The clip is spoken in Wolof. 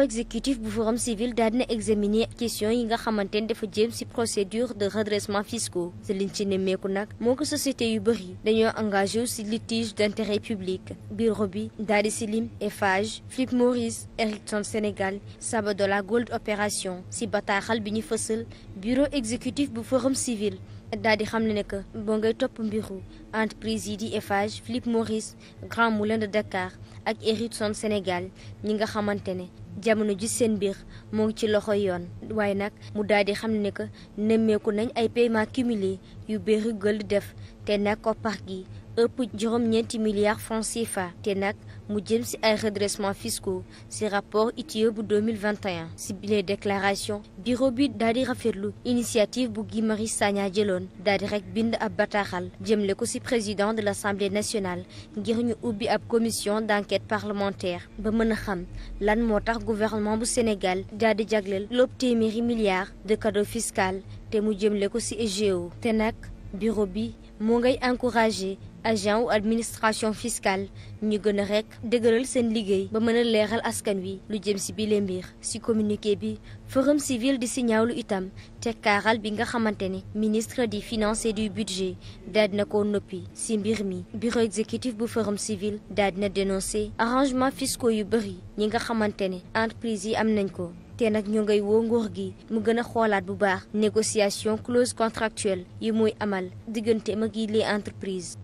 exécutif bu forum civil daal dina examiner question yi nga xamante ne dafa jëm ci procédure de redressement fiscaux ci liñ ci nemmeeku nag moo ko société yu bëri dañoo engagé wu ci litige d'intérêt public bureau bi daal di ci lim Eiffage Philip Morris Ericsson Sénégal Sabadola Gold Opération ci bataaxal bi ñu fësal bureau exécutif bu forum civil daal di xamle ne que boo ngay topp mbiru entreprise yi di Eiffage Philippe Maurice Grand Moulin de Dakar ak Ericsson Sénégal ñi nga xamante ne jamono ji seen mbir moo ngi ci loxo yoon waaye nag mu daal di xam ne que nemmeeku nañ ay paiements cumulés yu bëri gël def te nag koppar gi ëpp juróom ñeenti milliards francs CFA te nag mu jëm ci ay redressements fiscaux ci rapport ITIE bu 2021 ci bile déclaration bureau bi daal di rafetlu initiative bu Guy Marius Sagna jëloon daal di rek bind ab bataaxal jëmle ko ci président de l'Assemblée nationale ngir ñu ubbi ab commission d'enquête parlementaire ba mën a xam lan moo tax gouvernement bu Sénégal daal di jagleel lépp téeméeri milliards de cadeau fiscal te mu jëmle ko ci EGO te nag bureau bi moo ngay encourager agent wu administration fiscale ñu gën a rekk dëgëral seen liggéey ba mën a leeral askan wi lu jëm ci bile mbir ci communiqué bi forum civil di ci ñaawlu itam tekkaaral bi nga xamante ne ministre di finance et du budget daal dina ko noppi ci mbir mi bureau exécutif bu forum civil daal dina dénoncé arrangement fiscaux yu bëri ñi nga xamante ne entreprise yi am nañ ko te nag ñu ngay woo nguur gi mu gën a xoolaat bu baax négociation clause contractuelle yi mooy amal diggante mag yi les entreprises